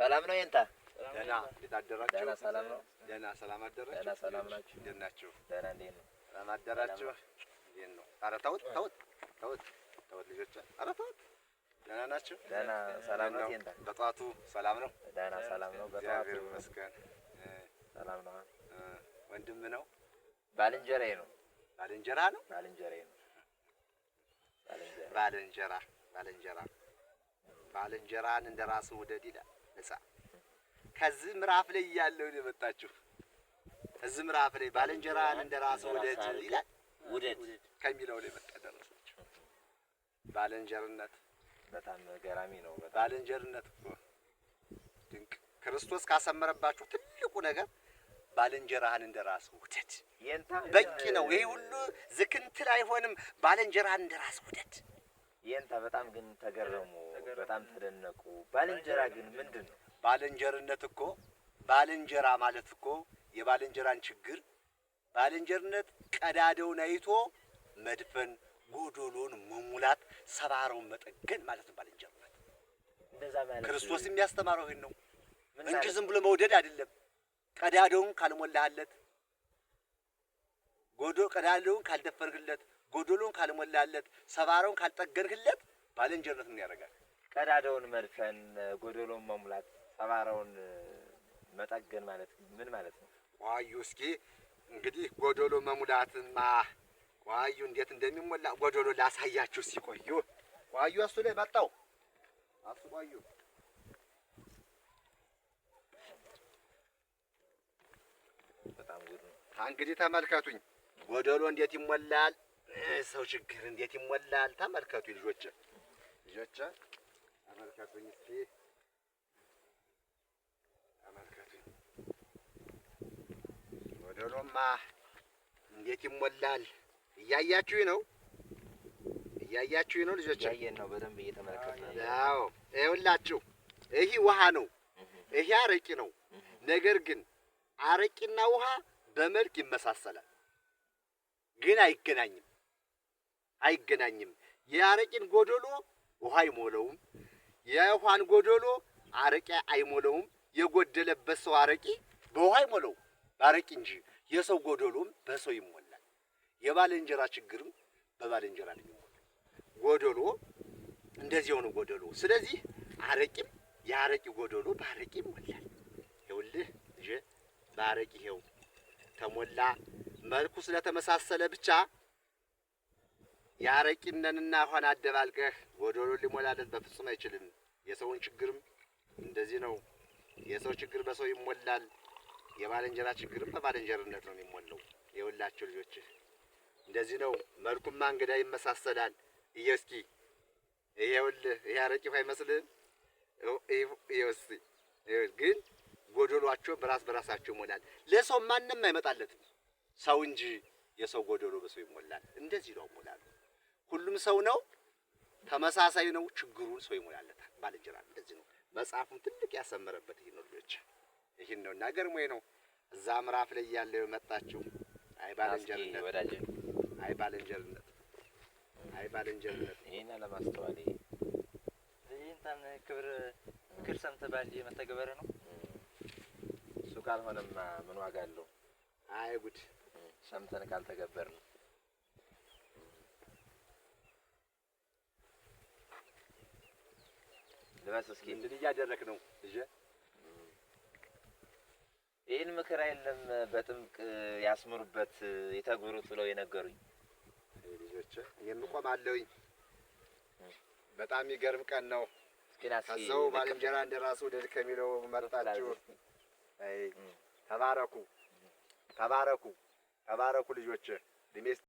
ሰላም ነው የንታ ደህና እንዴት አደራችሁ? ደህና ሰላም ነው። ደህና ሰላም አደራችሁ? ደህና ሰላም ናችሁ? እንዴት ናችሁ? ደህና እንዴት ነው? ሰላም አደራችሁ? እንዴት ነው? ኧረ ተውት ተውት ተውት ተውት ልጆች፣ ኧረ ተውት። ደህና ናችሁ? ደህና ሰላም ነው። የንታ በጠዋቱ ሰላም ነው? ደህና ሰላም ነው። በጠዋቱ ይመስገን ሰላም ነው። ወንድም ነው? ባልንጀራዬ ነው። ባልንጀራ ነው? ባልንጀራዬ ነው። ባልንጀራ ባልንጀራ ባልንጀራን እንደ ራሱ ውደድ ይላል ሕፃን ከዚህ ምዕራፍ ላይ እያለሁ ነው የመጣችሁ። እዚህ ምዕራፍ ላይ ባልንጀራህን እንደ ራስህ ውደድ ይላል። ውደድ ከሚለው ላይ መጣ ደረሰችሁ። ባልንጀርነት በጣም ገራሚ ነው። ባልንጀርነት ድንቅ ክርስቶስ ካሰመረባችሁ ትልቁ ነገር ባልንጀራህን እንደ ራስህ ውደድ በቂ ነው። ይህ ሁሉ ዝክንትል አይሆንም። ባልንጀራህን እንደ ራስህ ውደድ። ይህንታ በጣም ግን ተገረሙ በጣም ተደነቁ። ባልንጀራ ግን ምንድን ነው? ባልንጀርነት እኮ ባልንጀራ ማለት እኮ የባልንጀራን ችግር ባልንጀርነት ቀዳደውን አይቶ መድፈን፣ ጎዶሎን መሙላት፣ ሰባረውን መጠገን ማለት ነው ባልንጀርነት። ክርስቶስ የሚያስተማረው ይህን ነው እንጂ ዝም ብሎ መውደድ አይደለም። ቀዳደውን ካልሞላህለት፣ ጎዶ ቀዳደውን ካልደፈርህለት፣ ጎዶሎን ካልሞላህለት፣ ሰባረውን ካልጠገንህለት ባልንጀርነት ምን ያደርጋል? ቀዳዳውን መድፈን፣ ጎደሎን መሙላት፣ ሰባራውን መጠገን ማለት ምን ማለት ነው? ዋዩ እስኪ እንግዲህ ጎደሎ መሙላትማ ዋዩ እንዴት እንደሚሞላ ጎደሎ ላሳያችሁ። ሲቆዩ ዋዩ እሱ ላይ መጣው አሱ ቆዩ በጣም ጉድ ነው። እንግዲህ ተመልከቱኝ፣ ጎደሎ እንዴት ይሞላል፣ ሰው ችግር እንዴት ይሞላል። ተመልከቱኝ ልጆች ልጆች አመልከቱኝ እስኪ አመልከቱኝ። ወደሎማ እንዴት ይሞላል? እያያችሁኝ ነው፣ እያያችሁኝ ነው ልጆች። እያየን ነው፣ በደንብ እየተመለከትን ነው። ይኸውላችሁ ይህ ውሃ ነው፣ ይህ አረቂ ነው። ነገር ግን አረቂና ውሃ በመልክ ይመሳሰላል፣ ግን አይገናኝም አይገናኝም። የአረቂን ጎዶሎ ውሃ አይሞላውም የውሃን ጎደሎ አረቂ አይሞለውም። የጎደለበት ሰው አረቂ በውሃ አይሞላው በአረቂ እንጂ የሰው ጎደሎም በሰው ይሞላል። የባልንጀራ ችግርም በባልንጀራ ነው የሚሞላው። ጎደሎ እንደዚህ የሆነ ጎደሎ። ስለዚህ አረቂም የአረቂ ጎደሎ በአረቂ ይሞላል። ይኸውልህ ልጄ በአረቂ ይኸው ተሞላ። መልኩ ስለተመሳሰለ ብቻ የአረቂነንና ሆን አደባልቀህ ጎዶሎ ሊሞላለት በፍጹም አይችልም። የሰውን ችግርም እንደዚህ ነው። የሰው ችግር በሰው ይሞላል፣ የባለንጀራ ችግርም በባልንጀርነት ነው የሚሞላው። የሁላቸው ልጆችህ እንደዚህ ነው። መልኩማ እንግዳ ይመሳሰላል። እየስኪ ይሄውልህ፣ ይሄ አረቂሁ አይመስልህም? ይወስ ግን ጎዶሏቸው በራስ በራሳቸው ይሞላል። ለሰው ማንም አይመጣለትም፣ ሰው እንጂ የሰው ጎዶሎ በሰው ይሞላል። እንደዚህ ነው ሞላሉ ሁሉም ሰው ነው ተመሳሳይ ነው። ችግሩን ሰው ይሞላለታል፣ ባልንጀራል። እንደዚህ ነው መጽሐፉን ትልቅ ያሰመረበት ይህ ነው። ልጆች ይህን ነው እና ገርሞ ነው እዛ ምዕራፍ ላይ ያለው የመጣችው አይ ባልንጀርነት፣ አይ ባልንጀርነት፣ አይ ባልንጀርነት። ይህን አለማስተዋል ይህንታን ክብር ምክር ሰምተህ ባል መተግበር ነው እሱ ካልሆነማ ምን ዋጋ አለው? አይ ጉድ ሰምተን ካልተገበር ነው ልበስ እስኪ። ምንድን እያደረክ ነው ልጄ? ይህን ምክር የለም በጥምቅ ያስምሩበት የተግብሩት ብለው የነገሩኝ ልጆች፣ እኔም በጣም የሚገርም ቀን ነው። ከሰው ባልንጀራ እንደራሱ ድል ከሚለው መርጣችሁ ተባረኩ፣ ተባረኩ፣ ተባረኩ ልጆች ድሜስ